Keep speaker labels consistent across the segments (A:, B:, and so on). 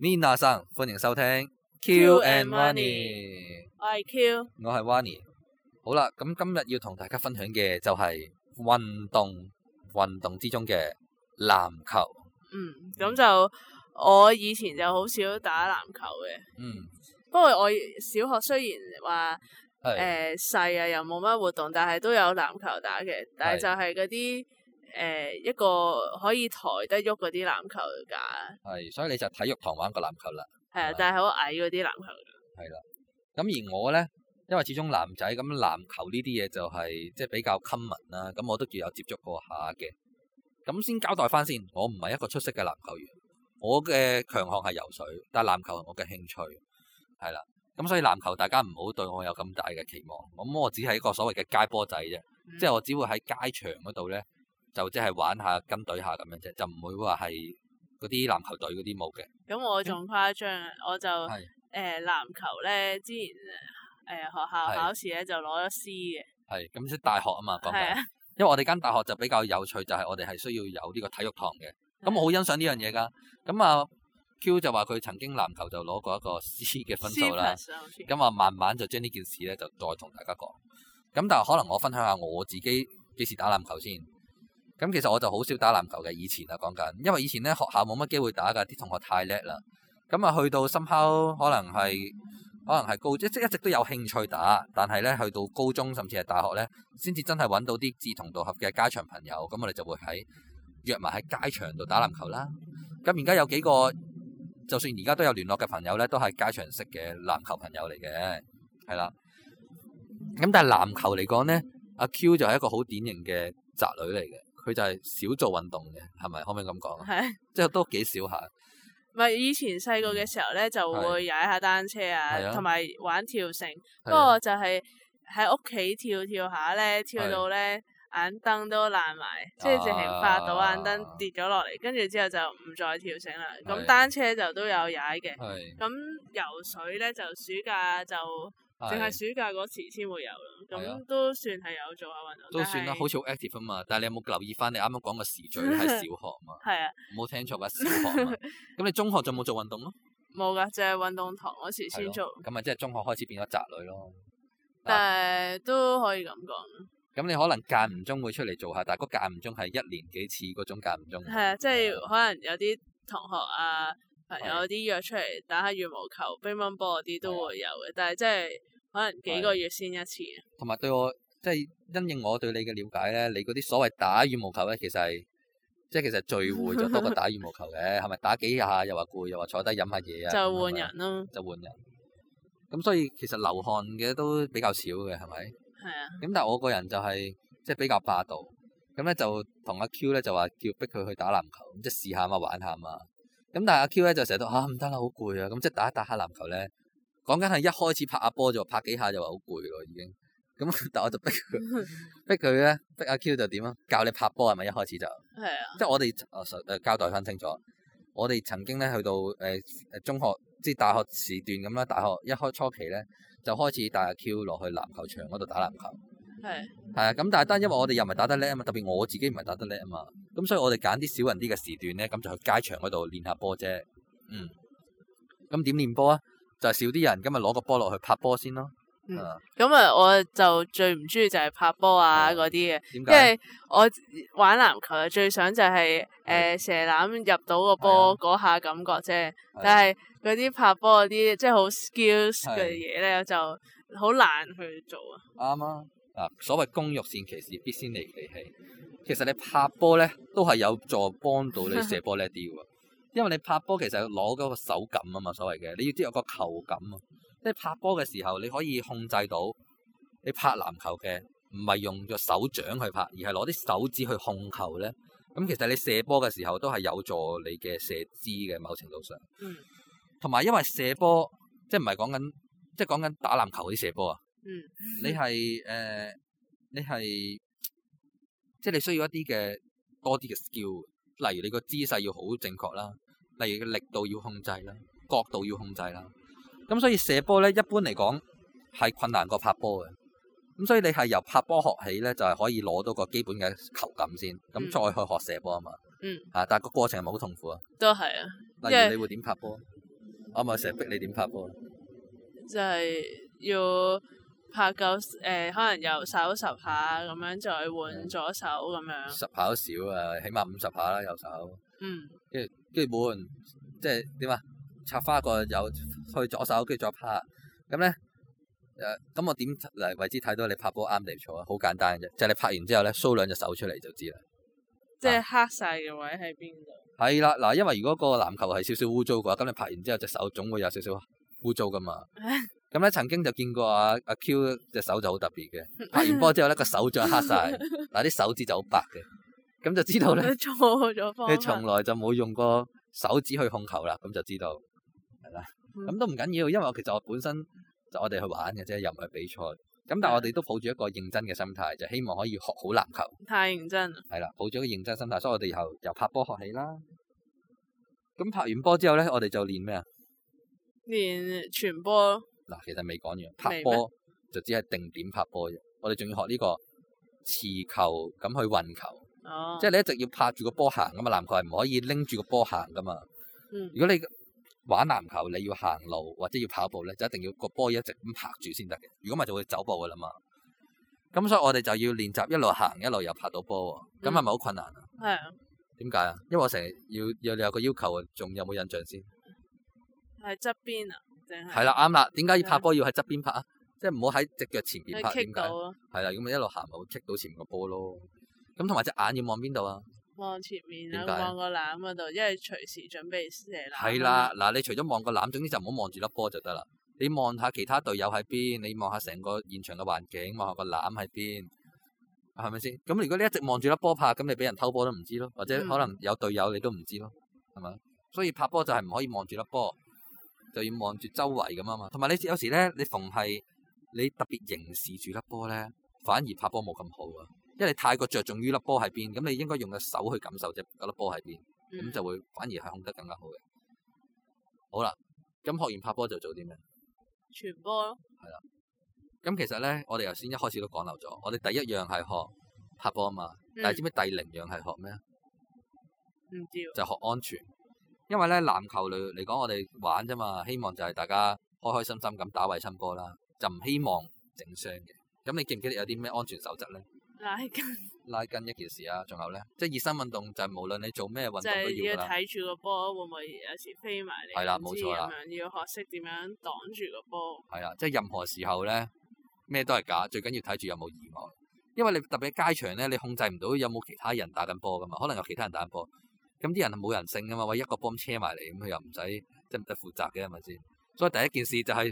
A: Minna 生，Nina san, 歡迎收聽 Q, Q and Wanny 我係是 Q，我係 Wanny 好啦，咁今日要同大家分享嘅就係運動，運動之中嘅籃球。
B: 嗯，咁就我以前就好少打籃球嘅。嗯，不過我小學雖然話誒細啊，又冇乜活動，但係都有籃球打嘅，但係就係嗰啲。誒一個可以抬低喐嗰啲籃球架，
A: 係，所以你就體育堂玩過籃球啦。
B: 係啊吧，但係好矮嗰啲籃球。
A: 係啦，咁而我咧，因為始終男仔咁籃球呢啲嘢就係即係比較 common 啦，咁我都仲有接觸過下嘅。咁先交代翻先，我唔係一個出色嘅籃球員，我嘅強項係游水，但係籃球係我嘅興趣，係啦。咁所以籃球大家唔好對我有咁大嘅期望。咁我只係一個所謂嘅街波仔啫，嗯、即係我只會喺街場嗰度咧。就即係玩下跟隊下咁樣啫，就唔會話係嗰啲籃球隊嗰啲冇嘅。
B: 咁我仲誇張，我就誒是、呃、籃球咧，之前誒、呃、學校考試咧是就攞咗 C 嘅。
A: 係咁，即係大學啊嘛講嘅，因為我哋間大學就比較有趣，就係、是、我哋係需要有呢個體育堂嘅。咁是我好欣賞呢樣嘢噶。咁啊 Q 就話佢曾經籃球就攞過一個 C 嘅分數啦。咁啊，我慢慢就將呢件事咧就再同大家講。咁但係可能我分享下我自己幾時打籃球先。咁其實我就好少打籃球嘅，以前啊，講緊，因為以前咧學校冇乜機會打㗎，啲同學太叻啦。咁、嗯、啊去到深烤，可能係可能係高一即一直都有興趣打，但係咧去到高中甚至係大學咧，先至真係搵到啲志同道合嘅街場朋友。咁、嗯、我哋就會喺約埋喺街場度打籃球啦。咁而家有幾個，就算而家都有聯絡嘅朋友咧，都係街場識嘅籃球朋友嚟嘅，係啦。咁、嗯、但係籃球嚟講咧，阿 Q 就係一個好典型嘅宅女嚟嘅。佢就係少做運動嘅，係咪可唔可以咁講？係， 即係都幾少下。
B: 唔係以前細個嘅時候咧，就會踩下單車啊，同埋的玩跳繩。
A: 不過的就
B: 係喺屋企跳跳下咧，跳到咧眼燈都爛埋，的即係直情發到眼燈跌咗落嚟，跟住、啊、之後就唔再跳繩啦。咁的單車就都有踩嘅，咁游的水咧就暑假就。淨係暑假嗰時先會有咯，咁都算係有做下運動。都算啦，好似好
A: active 啊嘛。但係你有冇留意翻你啱啱講嘅時序係小學啊嘛？係啊。冇聽錯啊，小學啊。咁你中學仲冇做運動咯？
B: 冇噶，淨係運動堂嗰時先做。
A: 咁啊，即係中學開始變咗宅女咯。
B: 但都可以咁講。
A: 咁你可能間唔中會出嚟做下，但係嗰間唔中係一年幾次嗰種間唔中。係
B: 啊，即係可能有啲同學啊、朋友啲約出嚟打下羽毛球、乒乓波嗰啲都會有嘅，但係即係。可能幾個月先一次。
A: 同埋對我即係因應我對你嘅了解咧，你嗰啲所謂打羽毛球咧，其實係即係其實聚會就多過打羽毛球嘅，係咪？打幾下又話攰，又話坐低飲下嘢啊，就
B: 換人咯，
A: 就換人。咁所以其實流汗嘅都比較少嘅，係咪？係啊。咁但係我個人就係即係比較霸道，咁咧就同阿 Q 咧就話叫逼佢去打籃球，即係試下嘛，玩下嘛。咁但係阿 Q 咧就成日都啊，唔得啦，好攰啊！咁即係打一打下籃球咧。講緊係一開始拍下波就拍幾下就話好攰咯，已經。咁但我就逼佢， 逼佢咧，逼阿 Q 就點啊？教你拍波係咪？一開始就，係啊。即係我哋誒誒交代翻清楚。我哋曾經咧去到誒誒、呃、中學，即係大學時段咁啦。大學一開初期咧，就開始帶阿 Q 落去籃球場嗰度打籃球。係係啊，咁但係但因為我哋又唔係打得叻啊嘛，特別我自己唔係打得叻啊嘛，咁所以我哋揀啲少人啲嘅時段咧，咁就去街場嗰度練下波啫。
B: 嗯，
A: 咁點練波啊？就係少啲人，咁咪攞個波落去拍波先咯。
B: 咁啊，嗯、我就最唔中意就係拍波啊嗰啲嘅，點解，因為我玩籃球啊，最想就係誒射籃入到個波嗰的下感覺啫。的但係嗰啲拍波嗰啲即係好 skills 嘅嘢咧，就好、是、的難去做
A: 啊。啱啊，啊所謂工欲善其事，必先利其器。其實你拍波咧，都係有助幫到你射波叻啲嘅。 因為你拍波其實攞嗰個手感啊嘛，所謂嘅你要知有個球感啊，即係拍波嘅時候你可以控制到你拍籃球嘅唔係用咗手掌去拍，而係攞啲手指去控球咧。咁其實你射波嘅時候都係有助你嘅射姿嘅某程度上。嗯。同埋因為射波即係唔係講緊即係講緊打籃球嗰啲射波啊。嗯。你係誒、呃，你係即係你需要一啲嘅多啲嘅 s k i 例如你個姿勢要好正確啦。例如嘅力度要控制啦，角度要控制啦，咁所以射波咧一般嚟講係困難過拍波嘅，咁所以你係由拍波學起咧，就係、是、可以攞到個基本嘅球感先，咁再去學射波啊嘛。嗯。啊，但係個過程係咪好痛苦啊？
B: 都係啊。例如你
A: 會點拍波？我咪成日逼你點拍波？就
B: 係要拍夠誒、呃，可能右手十下咁樣，再換左手咁樣、嗯。十
A: 下都少啊，起碼五十下啦右手。嗯。
B: 因為。
A: 基本即係點啊？插花一個又去左手，跟住再拍咁咧誒？咁我點嚟為之睇到你拍波啱定錯啊？好簡單嘅啫，就係你拍完之後咧 show 兩隻手出嚟就知、啊、啦。
B: 即係黑晒嘅位喺邊度？
A: 係啦，嗱，因為如果嗰個籃球係少少污糟嘅話，咁你拍完之後隻手總會有少少污糟噶嘛。咁咧 曾經就見過啊阿、啊、Q 隻手就好特別嘅，拍完波之後咧個手就黑晒，嗱啲 手指就好白嘅。咁就知道啦，你錯咗
B: 方法。你從
A: 來就冇用過手指去控球啦，咁就知道係啦。咁、嗯、都唔緊要，因為其實我本身就我哋去玩嘅啫，又唔係比賽。咁但係我哋都抱住一個認真嘅心態，就是、希望可以學好籃球。
B: 太認真
A: 係啦，抱住一個認真心態，所以我哋由由拍波學起啦。咁拍完波之後咧，我哋就練咩啊？
B: 練傳波
A: 嗱，其實未講完，拍波就只係定點拍波啫。我哋仲要學呢個持球咁去運球。哦、即係你一直要拍住個波行噶嘛，籃球係唔可以拎住個波行噶嘛。
B: 嗯、如
A: 果你玩籃球，你要行路或者要跑步咧，就一定要個波一直咁拍住先得嘅。如果唔係，就會走步噶啦嘛。咁所以我哋就要練習一路行，一路又拍到波。咁係咪好困難啊？係、嗯。點解是啊？因為我成日要你有個要求啊，仲有冇印象先？
B: 係側邊啊，定係？係啦，啱啦。點解要拍波要
A: 喺側邊拍？即係唔好喺隻腳前邊拍。點解？係啦，咁咪一路行咪會踢到前面個波咯。咁同埋隻眼要望邊度啊？
B: 望前面啊！望個籃嗰度，因為隨時準備射籃。係啦，嗱，
A: 你除咗望個籃，總之就唔好望住粒波就得啦。你望下其他隊友喺邊，你望下成個現場嘅環境，望下個籃喺邊，係咪先？咁如果你一直望住粒波拍，咁你俾人偷波都唔知咯，或者可能有隊友你都唔知咯，係咪、嗯？所以拍波就係唔可以望住粒波，就要望住周圍咁啊嘛。同埋你有時咧，你逢係你特別凝視住粒波咧，反而拍波冇咁好啊。因為你太過着重於粒波喺邊，咁你應該用個手去感受隻粒波喺邊，咁就會反而係控得更加好嘅。好啦，咁學完拍波就做啲咩？
B: 傳波咯。
A: 係啦，咁其實咧，我哋頭先一開始都講漏咗，我哋第一樣係學拍波啊嘛，嗯、但係知唔知第零樣係學咩啊？唔知、嗯。就學安全，因為咧籃球裏嚟講，我哋玩啫嘛，希望就係大家開開心心咁打衞生波啦，就唔希望整傷嘅。咁你記唔記得有啲咩安全守則咧？拉筋，拉筋一件事啊！仲有咧，即係熱身運動就係無論你做咩運動都要睇
B: 住個波會唔會有時飛埋嚟，係啦，冇錯啦。要學識點樣擋住個波。
A: 係啦，即係任何時候咧咩都係假，最緊要睇住有冇意外。因為你特別喺街場咧，你控制唔到有冇其他人打緊波噶嘛？可能有其他人打緊波，咁啲人係冇人性噶嘛？喂，一個波咁車埋嚟，咁佢又唔使即係負責嘅係咪先？所以第一件事就係。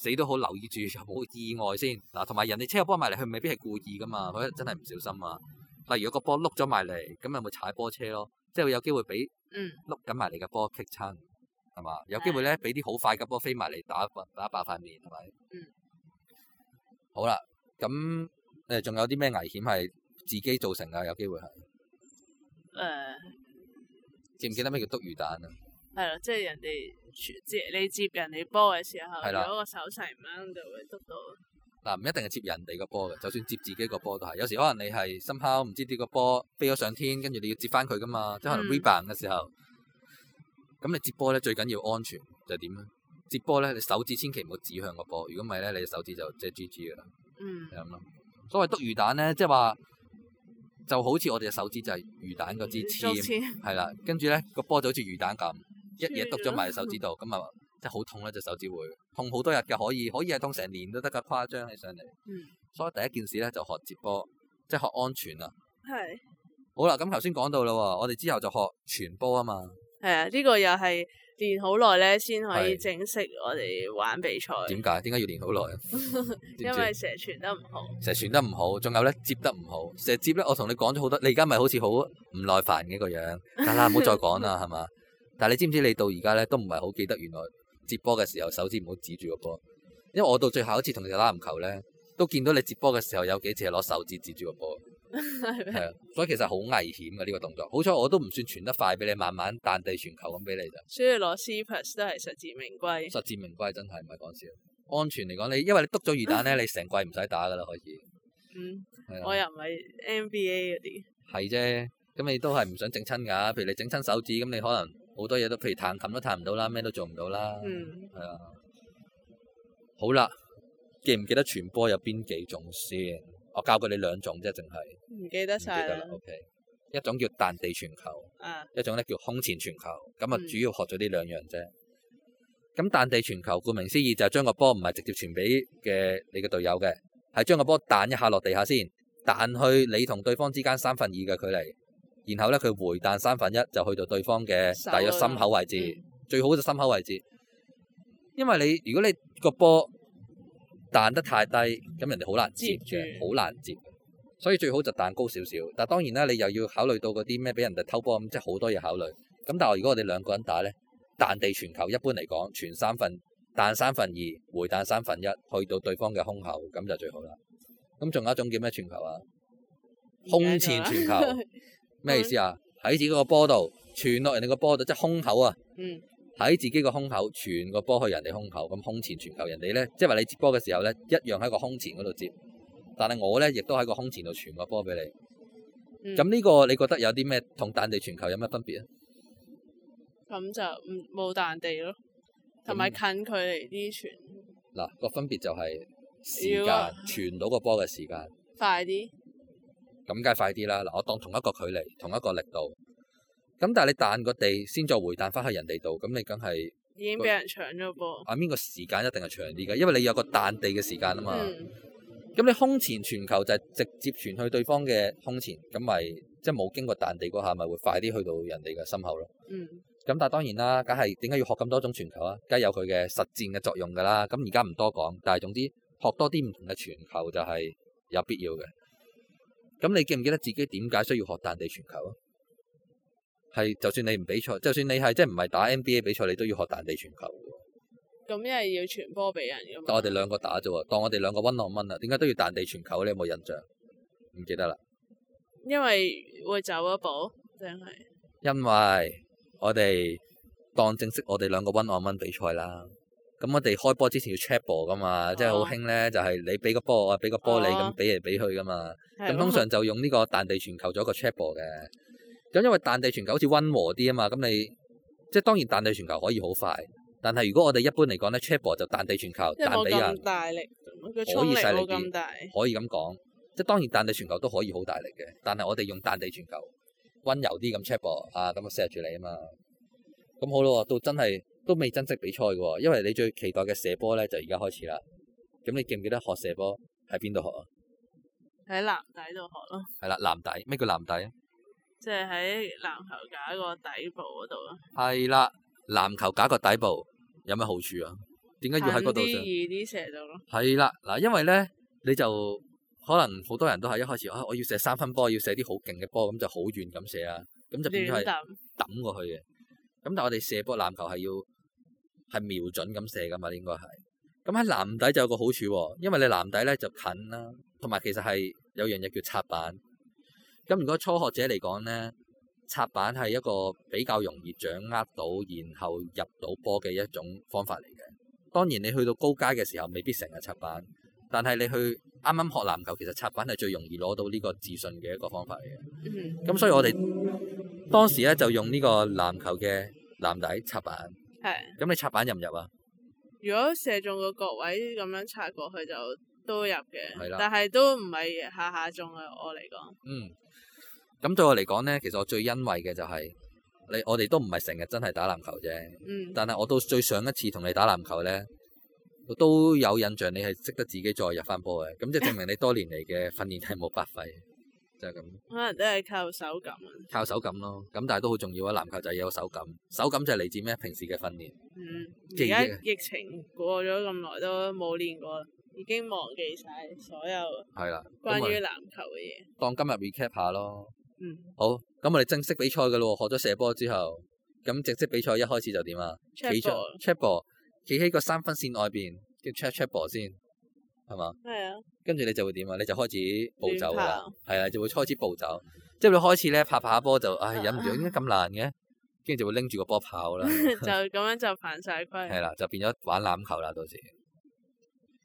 A: 死都好留意住，冇意外先嗱。同埋人哋車又波埋嚟，佢未必係故意㗎嘛，佢真係唔小心啊。例如果個波碌咗埋嚟，咁咪會踩波車咯？即係會有機會俾碌緊埋嚟嘅波棘親，係嘛、嗯？有機會咧俾啲好快嘅波飛埋嚟打打爆塊面係咪？嗯。好啦，咁誒仲有啲咩危險係自己造成啊？有機會係誒？呃、記唔記得咩叫篤魚蛋啊？
B: 係啦， 即係人哋接你接人哋波嘅時候，的如果個手勢唔啱，就
A: 會篤到。嗱，唔一定係接人哋個波嘅，就算接自己個波都係。嗯、有時可能你係深拋，唔知點個波飛咗上天，跟住你要接翻佢噶嘛，即係可能 rebound 嘅時候。咁、嗯嗯嗯、你接波咧最緊要安全就點、是、咧？接波咧，你手指千祈唔好指向個波，如果唔係咧，你手指就即係 GG 噶啦。嗯。係咁咯。所謂篤魚蛋咧，即係話就好似我哋嘅手指就係魚蛋嗰支簽，係啦。跟住咧個波就好似魚蛋咁。一嘢篤咗埋手指度，咁啊真係好痛咧！隻手指會痛好多日嘅，可以可以係痛成年都得噶，誇張起上嚟。嗯、所以第一件事咧就學接波，即係學安全啊。係是好啦，咁頭先講到啦，我哋之後就學傳波啊嘛。
B: 係啊，呢、這個又係練好耐咧，先可以正式我哋玩比賽。
A: 點解？點解要練好耐？ 因為
B: 成日傳得唔好，
A: 成日傳得唔好，仲有咧接得唔好，成日接咧。我同你講咗好多，你而家咪好似好唔耐煩嘅個樣。得啦，唔好再講啦，係嘛？ 但係你知唔知？你到而家咧都唔係好記得，原來接波嘅時候手指唔好指住個波。因為我到最後一次同你打籃球咧，都見到你接波嘅時候有幾次係攞手指指住個波，係 所以其實好危險嘅呢個動作。好彩我都唔算傳得快，俾你慢慢彈地傳球咁俾你就。
B: 所以攞 s h a p s 都係實至名歸。實
A: 至名歸真係唔係講笑？安全嚟講，你因為你篤咗魚蛋咧， 你成季唔使打噶啦，可以。嗯，的我又
B: 唔係 NBA 嗰啲。
A: 係啫，咁你都係唔想整親㗎。譬如你整親手指，咁你可能。好多嘢都，譬如彈琴都彈唔到啦，咩都做唔到啦。嗯。係啊。好啦，記唔記得傳波有邊幾種先？我教過你兩種啫，淨係。
B: 唔記得晒。唔記得啦。了 OK，
A: 一種叫彈地傳球。啊。一種咧叫胸前傳球。咁啊，主要學咗呢兩樣啫。咁、嗯、彈地傳球，顧名思義就係將個波唔係直接傳俾嘅你嘅隊友嘅，係將個波彈一下落地下先，彈去你同對方之間三分二嘅距離。然後咧，佢回彈三分一就去到對方嘅大約心口位置，嗯、最好就心口位置。因為你如果你個波彈得太低，咁人哋好難接住，好著難接。所以最好就彈高少少。但係當然啦，你又要考慮到嗰啲咩俾人哋偷波咁，即係好多嘢考慮。咁但係如果我哋兩個人打呢，彈地傳球一般嚟講傳三分，彈三分二，回彈三分一，去到對方嘅胸口咁就最好啦。咁仲有一種叫咩傳球啊？空前傳球。 咩意思啊？喺自己個波度傳落人哋個波度，即係胸口啊！喺、嗯、自己個胸口傳個波去人哋胸口，咁胸前傳球人哋咧，即係話你接波嘅時候咧，一樣喺個胸前嗰度接，但係我咧亦都喺個胸前度傳個波俾你。咁呢、嗯、個你覺得有啲咩同彈地傳球有咩分別啊？
B: 咁就冇彈地咯，同埋近距離啲傳。
A: 嗱、那個分別就係時間，傳、啊、到個波嘅時間快啲。咁梗係快啲啦！嗱，我當同一個距離、同一個力度，咁但係你彈個地先再回彈翻去人哋度，咁你梗係
B: 已經俾人搶咗噃。
A: 啊，邊個時間一定係長啲嘅？因為你有個彈地嘅時間啊嘛。咁、嗯、你胸前傳球就係直接傳去對方嘅胸前，咁咪即係冇經過彈地嗰下，咪會快啲去到人哋嘅心口咯。嗯。咁但係當然啦，梗係點解要學咁多種傳球啊？梗係有佢嘅實戰嘅作用㗎啦。咁而家唔多講，但係總之學多啲唔同嘅傳球就係有必要嘅。咁你記唔記得自己點解需要學彈地傳球啊？係就算你唔比賽，就算你係即係唔係打 NBA 比賽，你都要學彈地傳球嘅。
B: 咁因為要傳波畀人。我兩，
A: 當我哋兩個打啫，當我哋兩個溫浪蚊啦，點解都要彈地傳球？你有冇印象？唔記得啦。
B: 因為會走一步，真係。
A: 因為我哋當正式我哋兩個溫浪蚊比賽啦。咁、嗯、我哋開波之前要 check ball 噶嘛，即係好興咧，就係、是、你畀個波，我俾個波你，咁畀嚟畀去噶嘛。咁通常就用呢個彈地傳球做一個 check ball 嘅。咁因為彈地傳球好似溫和啲啊嘛，咁你即係當然彈地傳球可以好快，但係如果我哋一般嚟講咧，check ball 就彈地傳球，大力彈
B: 俾人可以細力啲，可
A: 以咁講。即係當然彈地傳球都可以好大力嘅，但係我哋用彈地傳球，球，溫柔啲咁 check ball 啊，咁啊錫住你啊嘛。咁好咯，到真係。都未珍惜比賽嘅，因為你最期待嘅射波咧就而家開始啦。咁你記唔記得學射波喺邊度學啊？
B: 喺籃底度學咯。
A: 係啦，籃底咩叫籃底啊？
B: 即係喺籃球架個底部嗰度
A: 啊。係啦，籃球架個底部有咩好處啊？點解要喺嗰度射？
B: 容易啲射到咯。
A: 係啦，嗱，因為咧你就可能好多人都係一開始啊，我要射三分波，要射啲好勁嘅波，咁就好遠咁射啊，咁就變咗係
B: 抌
A: 過去嘅。咁但我哋射波籃球係要係瞄準咁射㗎嘛，應該係。咁喺籃底就有個好處，因為你籃底咧就近啦，同埋其實係有樣嘢叫插板。咁如果初學者嚟講咧，插板係一個比較容易掌握到，然後入到波嘅一種方法嚟嘅。當然你去到高階嘅時候，未必成日插板。但係你去啱啱學籃球，其實插板係最容易攞到呢個自信嘅一個方法嚟嘅。嗯、mm。咁、hmm. 所以我哋當時咧就用呢個籃球嘅籃底插板。係、mm。咁、hmm. 你插板入唔入啊？
B: 如果射中個角位咁樣插過去就都入嘅。係啦的。但係都唔係下下中啊！我嚟講。嗯、mm。
A: 咁、hmm. 對我嚟講咧，其實我最欣慰嘅就係、是、你，我哋都唔係成日真係打籃球啫。嗯、mm。Hmm. 但係我到最上一次同你打籃球咧。我都有印象，你係識得自己再入翻波嘅，咁 即係就證明你多年嚟嘅訓練係冇白費，就係咁。
B: 可能都係靠手感，
A: 靠手感咯，咁但係都好重要啊！籃球就係有手感，手感就係嚟自咩？平時嘅訓練。
B: 嗯。而家疫情過咗咁耐都冇練過，已經忘記晒所有。
A: 係啦。關於籃球嘅嘢，當今日 recap 下咯。嗯。好，咁我哋正式比賽嘅咯，學咗射波之後，咁正式比賽一開始就點啊？check ball。球企喺個三分線外邊，叫 check check ball 先，係嘛？
B: 係啊。
A: 跟住你就會點啊？你就開始暴走啦，係跑啊，就會開始暴走。即係你開始咧拍拍下波就，唉、哎，忍唔住，點解咁難嘅？跟住就會拎住個波跑啦。 就
B: 咁樣就犯晒規。係
A: 啦、啊，就變咗玩籃球啦，到時。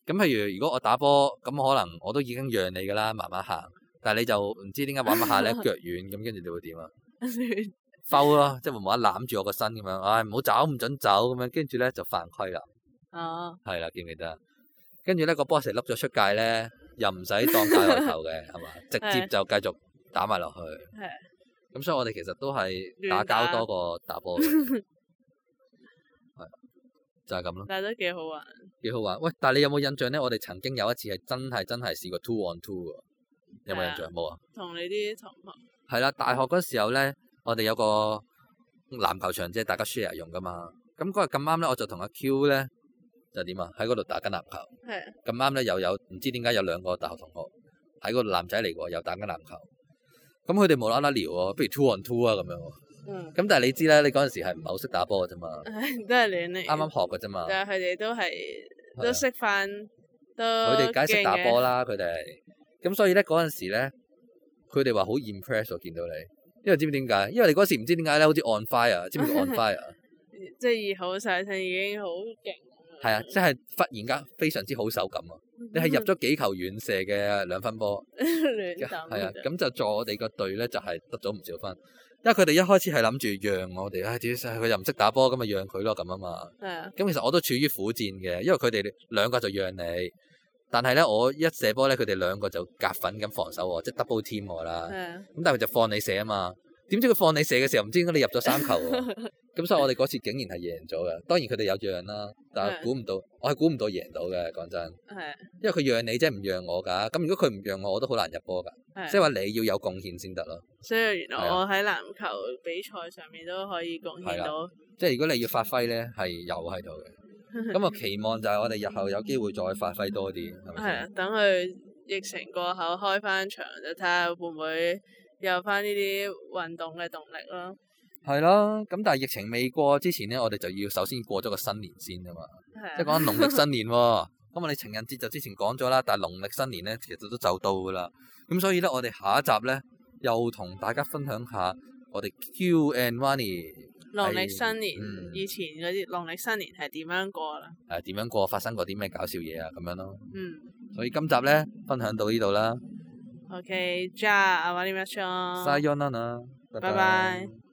A: 咁譬如如果我打波，咁可能我都已經讓你噶啦，慢慢行。但係你就唔知點解玩揾下咧腳軟，咁跟住你會點啊？ 浮咯，即係無無攬住我個身咁樣，唉，唔好走唔准走咁樣，跟住咧就犯規啦。哦，係啦，記唔記得？跟住咧個波成碌咗出界咧，又唔使當界外球嘅，係嘛？直接就繼續打埋落去。係。咁所以我哋其實都係打交多過打波。係就係咁咯。但
B: 係都幾好玩。
A: 幾好玩？喂，但係你有冇印象咧？我哋曾經有一次係真係真係試過 two on two 嘅，有冇印象冇啊？
B: 同你啲同學。
A: 係啦，大學嗰時候咧。我哋有個籃球場，即係大家 share 用噶嘛。咁嗰日咁啱咧，我就同阿 Q 咧就點啊，喺嗰度打緊籃球。係。咁啱咧又有唔知點解有兩個大學同學係個男仔嚟喎，又打緊籃球。咁佢哋冇啦啦聊喎、啊，不如 two on two 啊咁樣。嗯。咁 但係你知啦，你嗰陣時係唔係好識打波嘅啫嘛？
B: 都係亂嚟，啱啱
A: 學嘅啫嘛。但
B: 係佢哋都係都識翻，都佢哋梗係識打波啦，
A: 佢哋。咁所以咧，嗰陣時咧，佢哋話好 impress 我見到你。因為知唔知點解？因為你嗰時唔知點解咧，好似 on fire，知唔知 on fire？
B: 即係好晒身，已經好勁。
A: 係啊，即係忽然間非常之好手感啊！
B: 你係入咗
A: 幾球遠射嘅兩分波，
B: 係 啊，
A: 咁就助我哋個隊咧，就係、是、得咗唔少分。因為佢哋一開始係諗住讓我哋唉，點算佢又唔識打波，咁咪讓佢咯，咁啊嘛。係啊、 嗯。咁其實我都處於苦戰嘅，因為佢哋兩個就讓你。但係咧，我一射波咧，佢哋兩個就夾份咁防守我，即係 double team 我啦。咁的但係佢就放你射啊嘛。點知佢放你射嘅時候，唔知點解你入咗三球喎、啊？咁 所以我哋嗰次竟然係贏咗嘅。當然佢哋有讓啦，但係估唔到，的我係估唔到贏到嘅。講真，的因為佢讓你啫，唔、就是、讓我㗎。咁如果佢唔讓我，我都好難入波㗎。即係話你要有貢獻先得咯。
B: 的所以原來我喺籃球比賽上面都可以貢獻到。
A: 即係如果你要發揮咧，係有喺度嘅。咁啊， 期望就係我哋日後有機會再發揮多啲，係咪先？啊，
B: 等佢疫情過後開翻場，就睇下會唔會有翻呢啲運動嘅動力咯。
A: 係咯、 啊，咁但係疫情未過之前咧，我哋就要首先過咗個新年先啊嘛，即係講緊農曆新年喎。咁 我哋情人節就之前講咗啦，但係農曆新年咧，其實都就到噶啦。咁所以咧，我哋下一集咧，又同大家分享下我哋 Q&A。
B: 農曆新年、嗯、以前嗰啲農曆新年係點樣過啦？
A: 係點、啊、樣過？發生過啲咩搞笑嘢啊咁樣咯。嗯，所以今集呢分享到呢度啦。
B: OK，即係阿 Van 呢邊唱。Saon
A: 啊拜拜。拜拜。